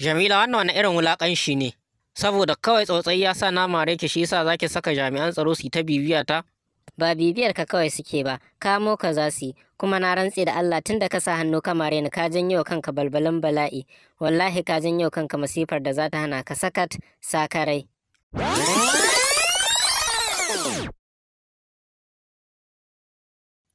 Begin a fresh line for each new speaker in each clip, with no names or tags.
Jamila wannan wani irin shi ne, saboda kawai tsotsai ya sa na mare ki shi yasa zaki saka jami'an tsaro su ta bibiya ta?
Ba bibiyar ka kawai suke ba, kamo ka za su kuma na rantse da Allah tunda ka sa hannu ka mare ni ka janyo kanka balbalan bala'i, wallahi ka janyo kanka masifar da za ta hana ka sakat sakarai.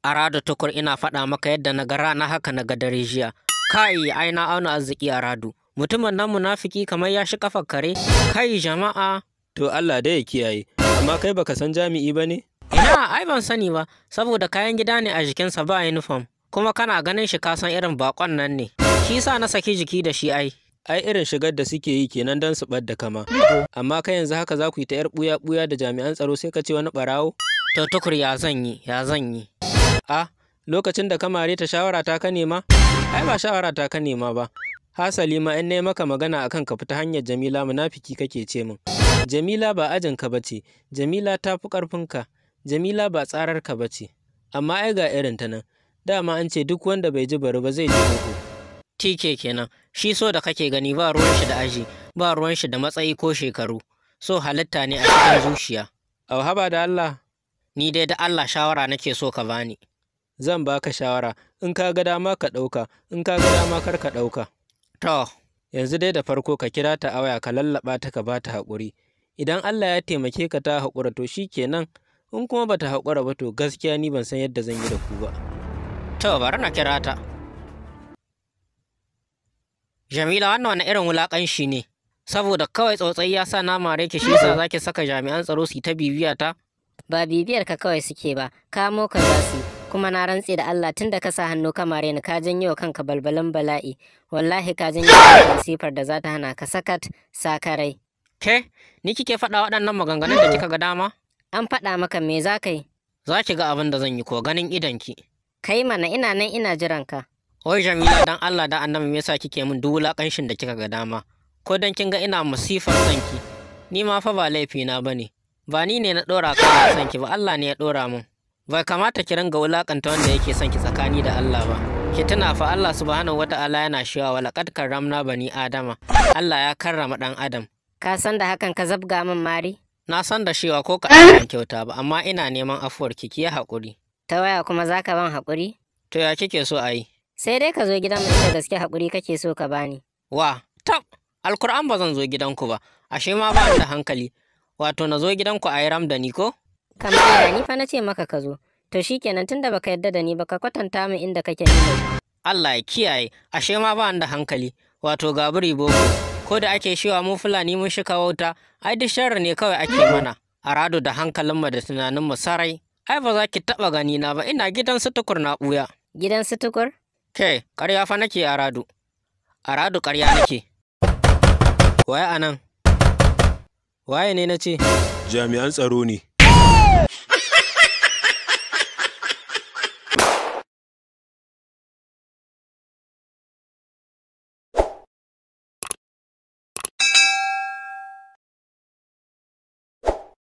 Arado tukur ina faɗa maka yadda na gara na haka na ga dare jiya. Kai, ai na auna arziki Radu? mutumin nan munafiki kamar ya shi kafar kare kai jama'a to Allah dai ya kiyaye amma kai baka san jami'i ba ne ina ai ban sani ba saboda kayan gida ne a jikinsa ba uniform kuma kana ganin shi ka san irin bakon nan ne shi sa na saki jiki da shi ai ai irin shigar da suke yi kenan dan su bar da kama amma kai yanzu haka za ku yi ta yar buya buya da jami'an tsaro sai ka ce wani barawo to tukur ya zan yi ya zan yi a lokacin da kamare ta shawara ta ka nema ai ba shawara ta ka nema ba hasali ma in nayi maka magana akan ka fita hanyar jamila munafiki kake ce min jamila ba ajin ka bace jamila ta fi karfin ka jamila ba tsarar ka bace amma ai ga irin ta nan dama an ce duk wanda bai ji bari ba zai ji koko tike kenan shi so da kake gani ba ruwan shi da aji ba ruwan shi da matsayi ko shekaru so halitta ne a cikin zuciya au haba da Allah ni dai da Allah shawara nake so ka bani zan baka shawara in ka ga dama ka ɗauka in ka ga dama kar ka ɗauka To, yanzu dai da farko ka kira ta a waya ka lallaɓa ta ka ba ta haƙuri. Idan Allah ya taimake ka ta haƙura to shi kenan, in kuma ba ta haƙura ba to gaskiya ni ban san yadda zan yi da ku ba. To, bari na kira ta. Jamila wannan wani irin wulaƙanshi ne, saboda kawai tsautsayi ya sa na mare ki shi za zaki saka jami'an tsaro su ta bibiya ta?
Ba bibiyar ka kawai suke ba, kamo ka za su kuma na rantse da Allah tunda ka sa hannu ka mare ni ka janyo wa kanka balbalan bala'i wallahi ka janyo sifar da za ta hana ka sakat sakarai
ke ni kike faɗa waɗannan maganganun da kika ga dama an faɗa maka me za ka za ki ga abin da zan yi ko ganin ki.
kai mana ina nan ina jiran ka
wai jamila dan Allah da annabi me yasa kike min duk wulaƙanshin da kika ga dama ko dan kin ga ina musifar sanki ni ma fa ba laifi na bane ba ni ne na ɗora ka sanki ba Allah ne ya dora min Bai kamata ki ringa wulakanta wanda yake son ki tsakani da Allah ba. Ki tuna fa Allah subhanahu wata'ala yana shewa wa laqad karramna bani adama. Allah ya karrama dan adam.
Ka san da hakan ka zabga min mari?
Na san da shewa ko ka ban kyauta ba amma ina neman afuwar ki ki hakuri.
Ta waya kuma zaka ban hakuri?
To ya kike so a
Sai dai ka zo gidan mu da gaske hakuri kake so ka bani.
Wa, tab, Alkur'an ba zan zo gidanku ba. Ashe ma ba da hankali. Wato na zo gidanku a yi ramdani ko?
kamar ni fa na ce maka ka zo to shikenan tunda baka yadda da ni ba ka kwatanta min inda kake ni
Allah ya kiyaye ashe ma ba da hankali wato gaburi boko ko da ake shewa mu fulani mun shika wauta ai duk sharri ne kawai ake mana a rado da hankalinmu da tunaninmu sarai ai ba za ki taɓa gani na ba ina gidan su tukur na ɓuya
gidan su tukur
ke ƙarya fa nake a rado a rado ƙarya nake waye anan
waye ne na ce
jami'an tsaro ne